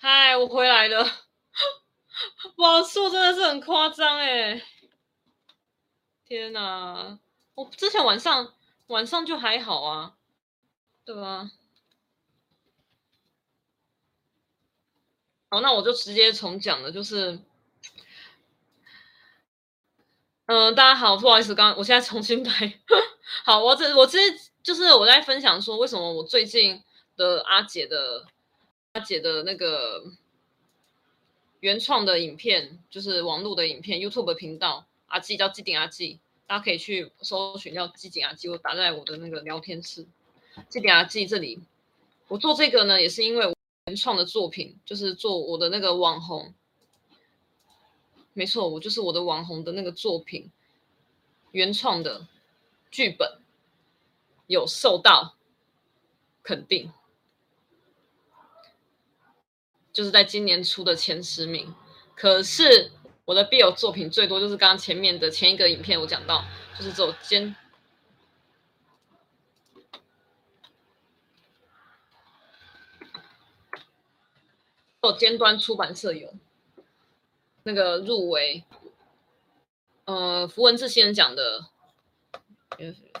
嗨，Hi, 我回來了。網 速真的是很誇張哎，欸！天哪，我之前晚上晚上就還好啊，對吧？ 好，那我就直接重講了，就是，嗯、呃，大家好，不好意思，剛剛，我現在重新拍。 好，我這我這就是我在分享說，為什麼我最近的阿姐的。阿姐的那個原創的影片，就是網絡的影片，YouTube 頻道阿 G 叫 G 點阿 G，大家可以去搜尋叫 G 點阿 G，我打在我的那個聊天室 G 點阿 G 這裡。我做這個呢，也是因為我原創的作品，就是做我的那個網紅，沒錯，我就是我的網紅的那個作品，原創的劇本有受到肯定。就是在今年出的前十名，可是我的 BL 作品最多就是剛剛前面的前一個影片我講到，就是走尖，走尖端出版社有那個入圍，呃，浮文字新人獎的，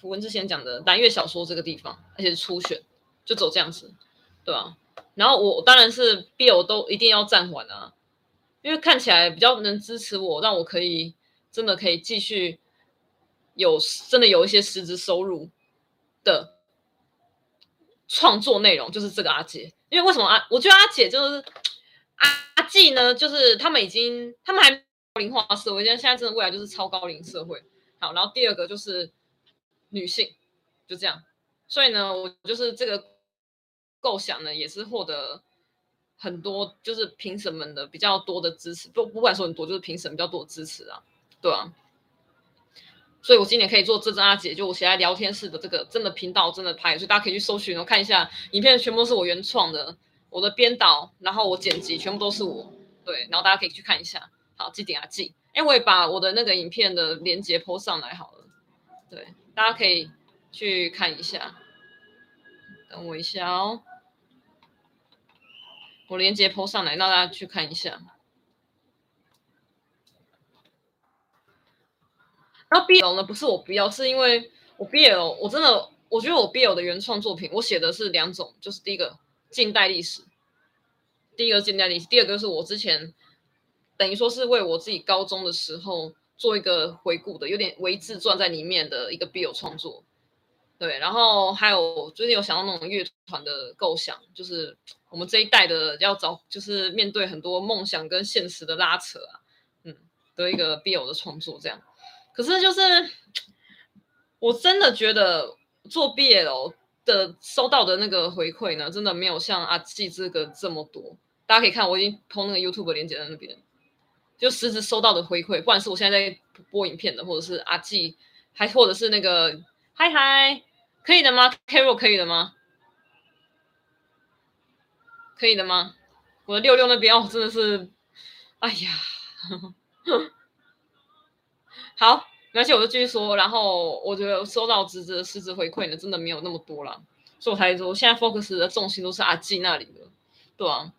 浮文字新人獎的藍月小說這個地方，而且是初選就走這樣子，對吧？然後我當然是 BL 都一定要暫緩啊，因為看起來比較能支持我，讓我可以真的可以繼續有真的有一些實質收入的創作內容，就是這個阿姐。因為為什麼啊，我覺得阿姐就是阿阿季呢，就是他們已經他們還高齡化社會，現在真的未來就是超高齡社會。好，然後第二個就是女性，就這樣。所以呢，我就是這個。構想呢，也是獲得很多，就是評審們的比較多的支持，不不管說很多，就是評審比較多的支持啊，對啊，所以我今年可以做這張阿姐，就我現在聊天室的這個真的頻道真的拍，所以大家可以去搜尋，然後看一下影片全部都是我原創的，我的編導，然後我剪輯全部都是我，對，然後大家可以去看一下，好，記得點下、啊、記，哎、欸，我也把我的那個影片的鏈接 PO 上來好了，對，大家可以去看一下，等我一下哦。我連接 Po 上來，讓大家去看一下。然後 BL 呢，不是我不要，是因為我 BL 我真的我覺得我 BL 的原創作品，我寫的是兩種，就是第一個近代歷史，第一個近代歷史，第二個就是我之前等於說是為我自己高中的時候做一個回顧的，有點為自傳在裡面的一個 BL 創作。對，然後還有我最近有想到那種樂團的構想，就是我們這一代的要找，就是面對很多夢想跟現實的拉扯啊，嗯，的一個 BL 的創作這樣。可是就是我真的覺得做 BL 的收到的那個回饋呢，真的沒有像阿姐這個這麼多。大家可以看，我已經通那個 YouTube 鏈接在那邊，就實時，時收到的回饋，不管是我現在在播影片的，或者是阿姐，還或者是那個。嗨嗨，hi, hi. 可以的嗎？Carol 可以的嗎？可以的嗎？我的遛遛那邊哦，真的是，哎呀，呵呵好，沒關係，我就繼續說，然後我覺得收到實質實質回饋呢，真的沒有那麼多了，所以我才說現在 focus 的重心都是阿姐那裡的，對啊，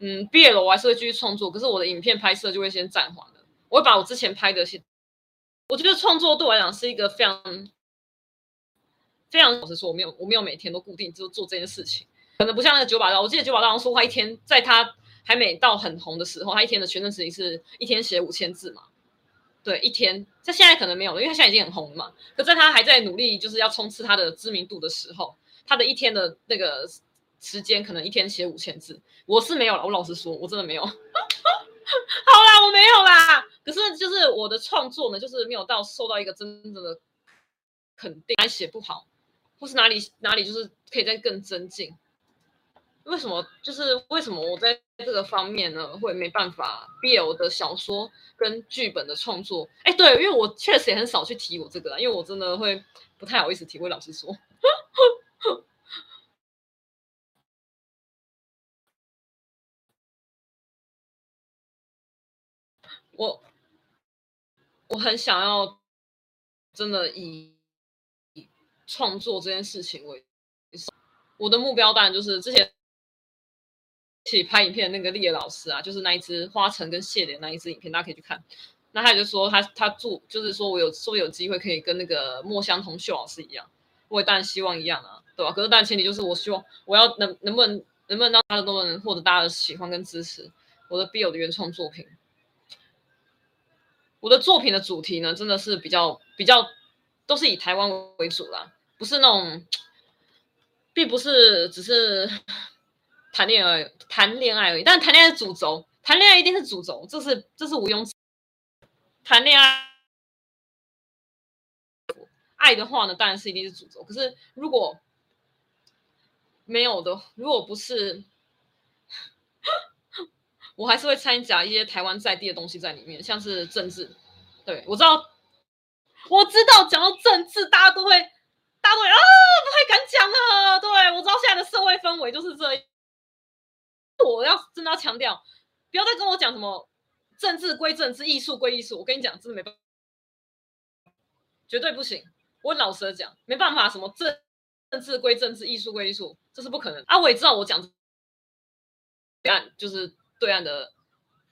嗯，畢業了我還是會繼續創作，可是我的影片拍攝就會先暫緩了，我會把我之前拍的先，我覺得創作對我來講是一個非常。非常老實說，我沒有，我沒有每天都固定就做這件事情，可能不像那個九把刀。我記得九把刀說，他一天在他還沒到很紅的時候，他一天的全程時間是一天寫五千字嘛。對，一天，他現在可能沒有了，因為他現在已經很紅了嘛。可在他還在努力，就是要衝刺他的知名度的時候，他的一天的那個時間可能一天寫五千字。我是沒有了，我老實說，我真的沒有。 好啦，我沒有啦。可是就是我的創作呢，就是沒有到受到一個真正的、的肯定，還寫不好。或是哪裡哪裡就是可以再更增進，為什麼就是為什麼我在這個方面呢會沒辦法 BL 的小說跟劇本的創作，哎、欸，對，因為我確實也很少去提我這個啦，因為我真的會不太好意思提。我老師說， 我我很想要真的以創作這件事情，我我的目標當然就是之前一起拍影片的那個麗葉老師啊，就是那一支花城跟謝憐那一支影片，大家可以去看。那他也就說，他他做就是說我有說不定有機會可以跟那個墨香銅臭老師一樣，我也當然希望一樣啊，對吧？可是但前提就是我希望我要能能不能能不能讓他多都能獲得大家的喜歡跟支持，我的 BL 的原創作品。我的作品的主題呢，真的是比較比較都是以台灣為主啦。不是那種，並不是只是談戀愛談戀愛而已，但談戀愛是主軸，談戀愛一定是主軸，這是這是毋庸置談戀愛愛的話呢，當然是一定是主軸。可是如果沒有的，如果不是，我還是會摻雜一些台灣在地的東西在裡面，像是政治。對，我知道，我知道，講到政治，大家都會。啊，不太敢講了，對，我知道現在的社會氛圍就是這。我要真的要強調，不要再跟我講什麼政治歸政治，藝術歸藝術。我跟你講，真的沒辦，絕對不行。我老實的講，沒辦法，什麼政政治歸政治，藝術歸藝術，這是不可能。啊，我也知道我講對岸就是對岸的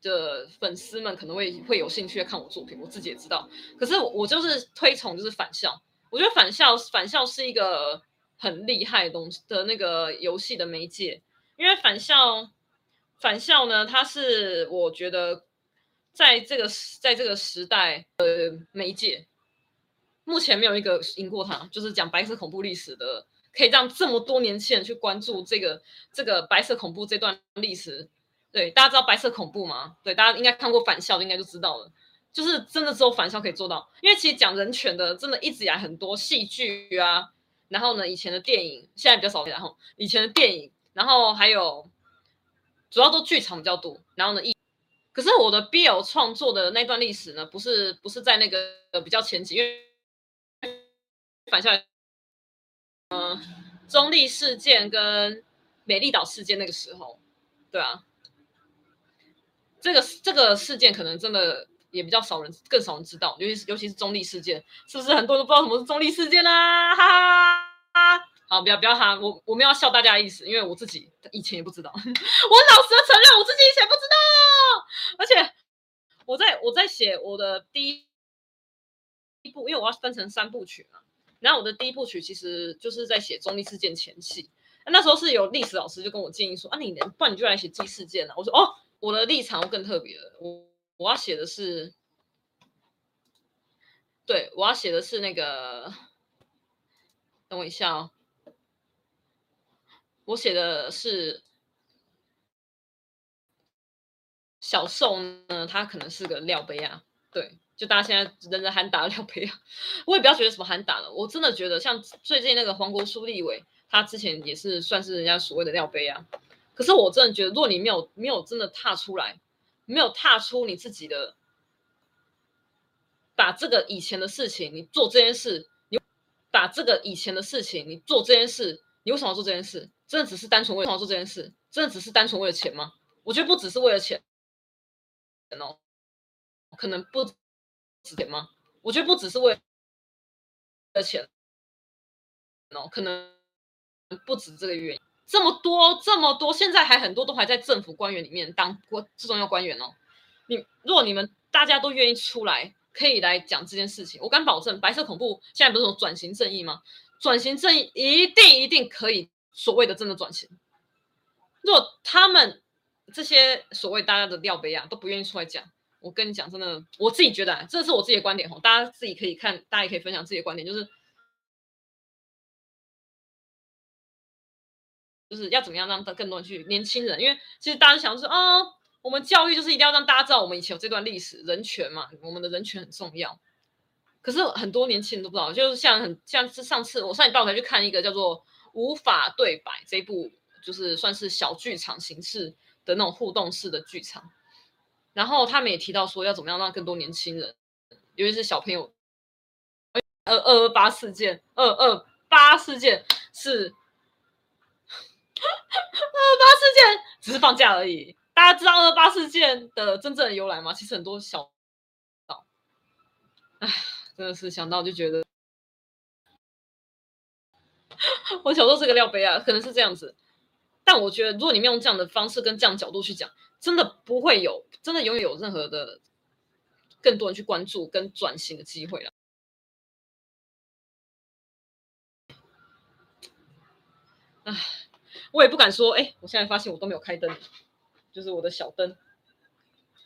的粉絲們可能會會有興趣的看我作品，我自己也知道。可是我，我就是推崇就是反向。我覺得《返校》《返校》是一個很厲害的東西的那個遊戲的媒介，因為《返校》《返校》呢，它是我覺得在這個在這個時代，呃，媒介目前沒有一個贏過它，就是講白色恐怖歷史的，可以讓這麼多年輕人去關注這個這個白色恐怖這段歷史。對，大家知道白色恐怖嗎？對，大家應該看過《返校》應該就知道了。就是真的只有返校可以做到，因為其實講人權的真的一直以來很多戲劇啊，然後呢以前的電影現在比較少，然後以前的電影，然後還有主要都劇場比較多，然後呢一，可是我的 BL 創作的那段歷史呢，不是不是在那個比較前期，因為返校，嗯，中壢事件跟美麗島事件那個時候，對啊，這個這個事件可能真的。也比較少人，更少人知道，尤其是尤其是中立事件，是不是很多人都不知道什麼是中立事件啊？哈哈，好，不要不要哈，我我沒有要笑大家的意思，因為我自己以前也不知道， 我老實的承認我自己以前不知道，而且我在我在寫我的第一部，因為我要分成三部曲嘛，然後我的第一部曲其實就是在寫中立事件前期，那時候是有歷史老師就跟我建議說啊你，你能不然你就來寫中立事件啊，我說哦，我的立場更特別了，我。我要寫的是，對，我要寫的是那個，等我一下哦。我寫的是小宋呢，他可能是個料杯啊。對，就大家現在人人喊打的料杯啊，我也不要覺得什麼喊打了，我真的覺得像最近那個黃國書立委，他之前也是算是人家所謂的料杯啊。可是我真的覺得，若你沒有沒有真的踏出來，沒有踏出你自己的，把這個以前的事情，你做這件事，你把這個以前的事情，你做這件事，你為什麼要做這件事？真的只是單純為，為什麼要做這件事？真的只是單純為了錢嗎？我覺得不只是為了錢，可能不值錢嗎？我覺得不只是為了錢，可能不止這個原因。這麼多，這麼多，現在還很多都還在政府官員裡面當過最重要官員哦。你如果你們大家都願意出來，可以來講這件事情，我敢保證，白色恐怖現在不是說轉型正義嗎？轉型正義一定一定可以，所謂的真的轉型。如果他們這些所謂大家的吊杯啊都不願意出來講，我跟你講真的，我自己覺得，這是我自己的觀點哦，大家自己可以看，大家也可以分享自己的觀點，就是。就是要怎麼樣讓更多人去年輕人，因為其實大家想說，啊、哦，我們教育就是一定要讓大家知道我們以前有這段歷史，人權嘛，我們的人權很重要。可是很多年輕人都不知道，就是像很像是上次我上禮拜我去看一個叫做《無法對白》這一部，就是算是小劇場形式的那種互動式的劇場。然後他們也提到說，要怎麼樣讓更多年輕人，尤其是小朋友，二二八事件，二二八事件是。 二二八事件只是放假而已。大家知道二二八事件的真正的由來嗎？其實很多小唉、啊，真的是想到就覺得我小時候是個料杯啊，可能是這樣子。但我覺得，如果你用這樣的方式跟這樣的角度去講，真的不會有，真的永遠有任何的更多人去關注跟轉型的機會了。唉、啊。我也不敢說，哎，我現在發現我都沒有開燈，就是我的小燈。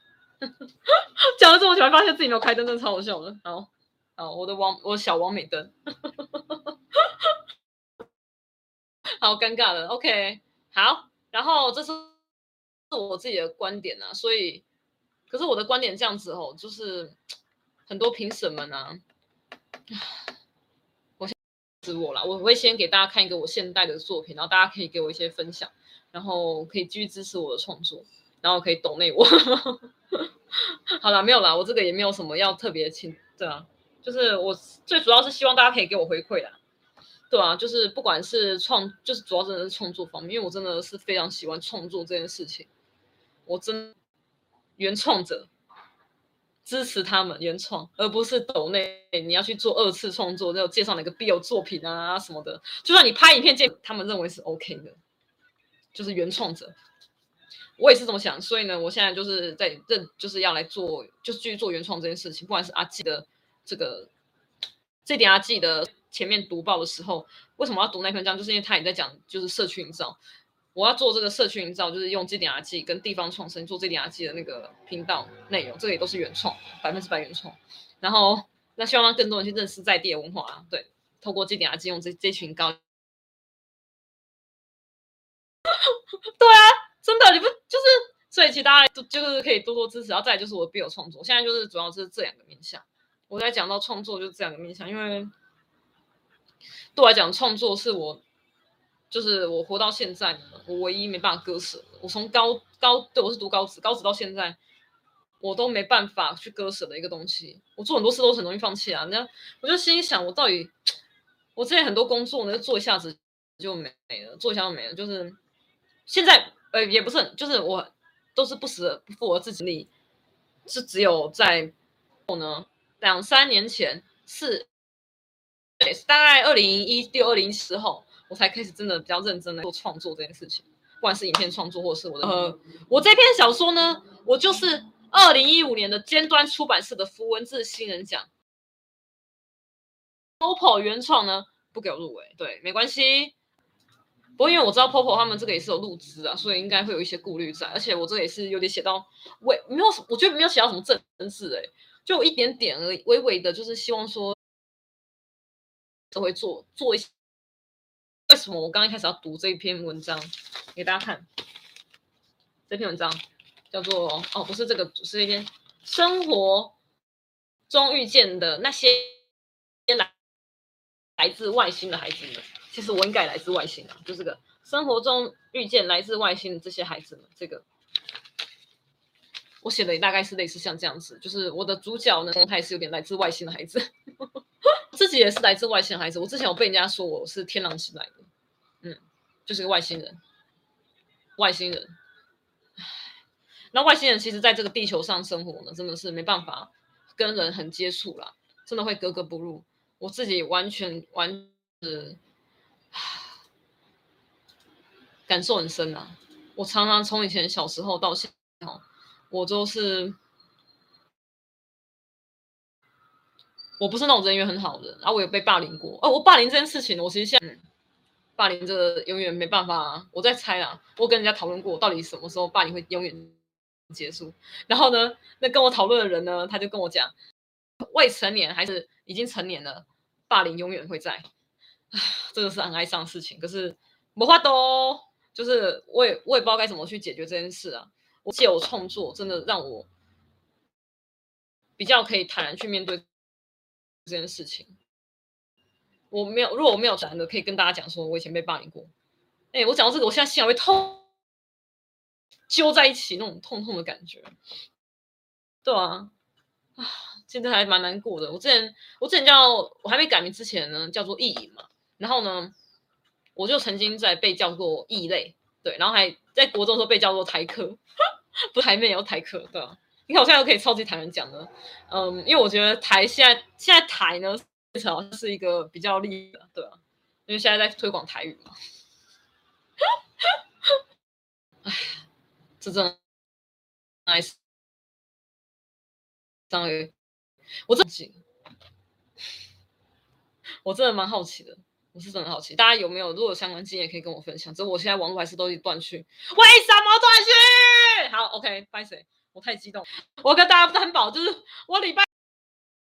講了這麼久，還發現自己沒有開燈，真的超好笑的。好，好，我的王，我的小王美燈， 好尷尬的。OK，好，然後這是是我自己的觀點啊，所以可是我的觀點這樣子哦，就是很多評審們呢，啊。唉我啦，我會先給大家看一個我現代的作品，然後大家可以給我一些分享，然後可以繼續支持我的創作，然後可以抖內我。 好啦，沒有啦，我這個也沒有什麼要特別請，對啊，就是我最主要是希望大家可以給我回饋啦。對啊，就是不管是創，就是主要真的是創作方面，因為我真的是非常喜歡創作這件事情，我真原創者。支持他們原創，而不是抖內你要去做二次創作，然後介紹哪個 BL 作品啊什麼的。就算你拍影片，他們認為是 OK 的，就是原創者。我也是這麼想，所以呢，我現在就是在認，就是要來做，就是繼續做原創這件事情。不管是阿 G 的這個，這點阿 G 的前面讀報的時候，為什麼要讀那篇文章？就是因為他也在講，就是社區營造。我要做這個社群營造，就是用 G 點 R G 跟地方創生做 G 點 R G 的那個頻道內容，這個也都是原創，百分之百原創。然後那希望讓更多人去認識在地的文化、啊，對，通過 G 點 R G 用這這群高， 對啊，真的你不就是？所以其他大就，就是可以多多支持。然後再來就是我的 BL 創作，現在就是主要就是這兩個面向。我在講到創作，就是這兩個面向，因為對我來講，創作是我。就是我活到現在我唯一沒辦法割捨的，我從高高對我是讀高職，高職到現在，我都沒辦法去割捨的一個東西。我做很多事都很容易放棄啊。那我就心裡想，我到底，我之前很多工作呢，我做一下子就沒了，做一下就沒了。就是現在呃也不是，就是我都是不死不負我自己的力，是只有在後呢兩三年前是，對，大概二零一六二零時候。我才開始真的比較認真的做創作這件事情，不管是影片創作，或是我的、呃……我這篇小說呢，我就是二零一五年的尖端出版社的浮文字新人獎。POPO 原創呢不給我入圍，對，沒關係。不過因為我知道 POPO 他們這個也是有陸資啊，所以應該會有一些顧慮在。而且我這個也是有點寫到微，沒有我覺得沒有寫到什麼正事誒，就一點點而已，微微的，就是希望說都會做做一些。為什麼我剛一開始要讀這一篇文章給大家看？這篇文章叫做哦，不是這個，不是一篇《生活中遇見的那些來來自外星的孩子們》。其實我應該來自外星啊，就是這個生活中遇見來自外星的這些孩子們，這個。我寫的也大概是類似像這樣子，就是我的主角呢，他也是有點來自外星的孩子， 我自己也是來自外星的孩子。我之前有被人家說我是天狼星來的，嗯，就是個外星人，外星人。那外星人其實在這個地球上生活呢，真的是沒辦法跟人很接觸啦，真的會格格不入。我自己完全完全是，感受很深啊。我常常從以前小時候到現在哦。我就是，我不是那種人緣很好的，然後我有被霸凌過。哦，我霸凌這件事情，我其實現在霸凌這個永遠沒辦法。我在猜啊，我跟人家討論過，到底什麼時候霸凌會永遠結束？然後呢，那跟我討論的人呢，他就跟我講，未成年還是已經成年了，霸凌永遠會在。啊，這個是很哀傷的事情，可是沒辦法哦，就是我也我也不知道該怎麼去解決這件事啊。我借我創作，真的讓我比較可以坦然去面對這件事情。我沒有，如果我沒有坦然的，可以跟大家講說，我以前被霸凌過。哎，我講到這個，我現在心還會痛，揪在一起那種痛痛的感覺。對啊，啊，現在還蠻難過的。我之前，我之前叫我還沒改名之前呢，叫做意淫嘛。然後呢，我就曾經在被叫做異類。對，然後還在國中的時候被叫做台客，不是台妹，也要台客，對啊。你看我現在都可以超級坦然講的，嗯，因為我覺得台現在現在台呢，至少是一個比較厲害的，對啊，因為現在在推廣台語嘛。哎呀， 這真的，e 章魚， 我真的，我真的蠻好奇的。我是真的好奇，大家有沒有，如果有相關經驗可以跟我分享？所以我現在網絡還是都斷續，為什麼斷續？好，OK，不好意思，我太激動，我跟大家擔保就是我禮拜，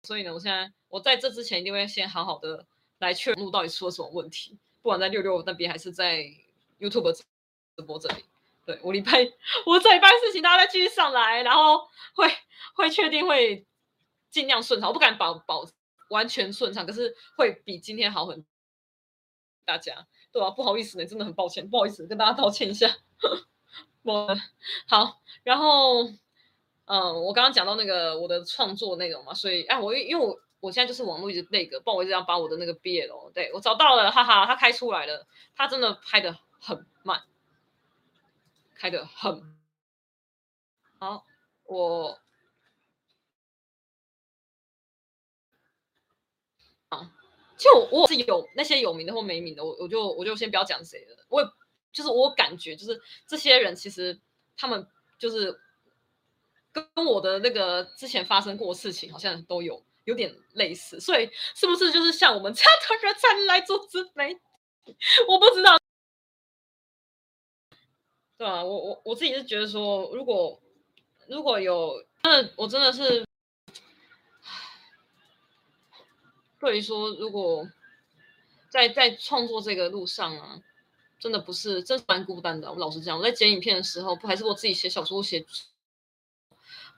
所以呢，我現在我在這之前一定會先好好的來確認網路到底出了什麼問題，不管在遛遛那邊還是在 YouTube 直播這裡。對，我禮拜我這禮拜事情大家再繼續上來，然後會會確定會盡量順暢，我不敢保保完全順暢，可是會比今天好很多。大家對啊，不好意思呢，真的很抱歉，不好意思，跟大家道歉一下。我好，然後嗯，我剛剛講到那個我的創作內容嘛，所以哎，我因為我我現在就是網絡一直那個，不好意思，要把我的那個憋了。對，我找到了，哈哈，它開出來了，它真的拍得很慢，開得很，好，我，好。就我是有那些有名的或沒名的，我我就我就先不要講誰了。我也就是我感覺，就是這些人其實他們就是跟我的那個之前發生過事情好像都有有點類似，所以是不是就是像我們這樣的人才來做自媒體？我不知道。對啊，我我我自己是覺得說，如果如果有，那個，我真的是。所以說，如果在在創作這個路上啊，真的不是，真的蠻孤單的、啊。我老實講，我在剪影片的時候，不還是我自己寫小說寫？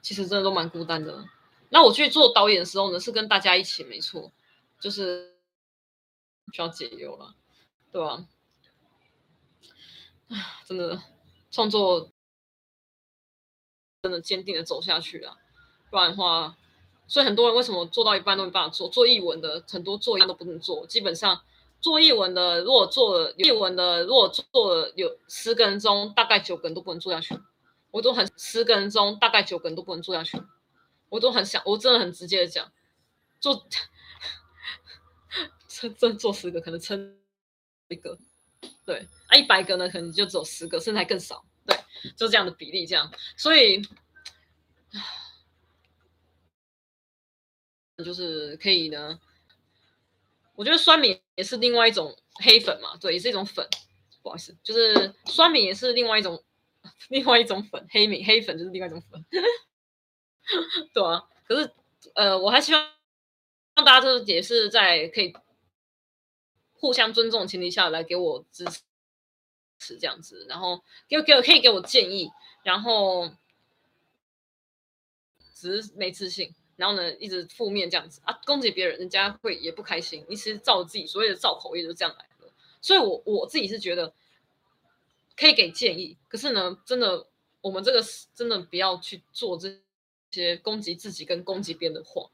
其實真的都蠻孤單的、啊。那我去做導演的時候呢，是跟大家一起，沒錯，就是需要解憂了、啊，對吧、啊？真的創作真的堅定的走下去了、啊，不然的話。所以很多人為什麼做到一半都沒辦法做？做藝文的很多做一半都不能做。基本上做藝文的，如果做了藝文的，如果做了有十個人中大概九個人都不能做下去。我都很十個人中大概九個人都不能做下去。我都很想，我真的很直接的講，做 真真做十個可能撐一個，對啊，一百個呢可能就只有十個，甚至還更少。對，就這樣的比例這樣，所以。唉就是可以呢，我覺得酸民也是另外一種黑粉嘛，對，也是一種粉，不好意思，就是酸民也是另外一種，另外一種粉，黑民黑粉就是另外一種粉，對啊。可是，呃，我還希望讓大家就是也是在可以互相尊重的前提下來給我支持，這樣子，然後給我給我可以給我建議，然後只是沒自信。然後呢，一直負面這樣子啊，攻擊別人，人家會也不開心。你其實造自己所謂的造口業就這樣來了。所以我，我我自己是覺得可以給建議，可是呢，真的，我們這個真的不要去做這些攻擊自己跟攻擊別人的話，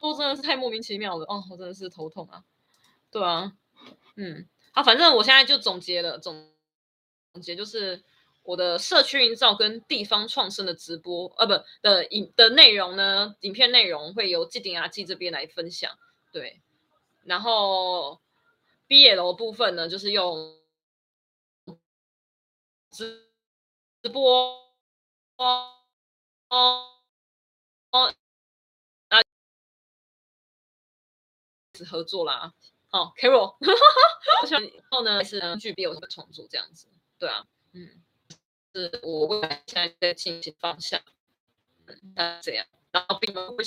都真的是太莫名其妙了。哦，我真的是頭痛啊。對啊，嗯，好、啊，反正我現在就總結了，總，總結就是。我的社區營造跟地方創生的直播，呃、啊，不的影的內容呢，影片內容會由紀鼎牙記這邊來分享，對。然後 BL 部分呢，就是用直播哦，啊，只合作啦。好、oh,，Carol，我 以後呢還是呢，巨 B 有什麼重組這樣子，對啊，嗯。是我未來現在在進行方向，那這樣，然後並不會。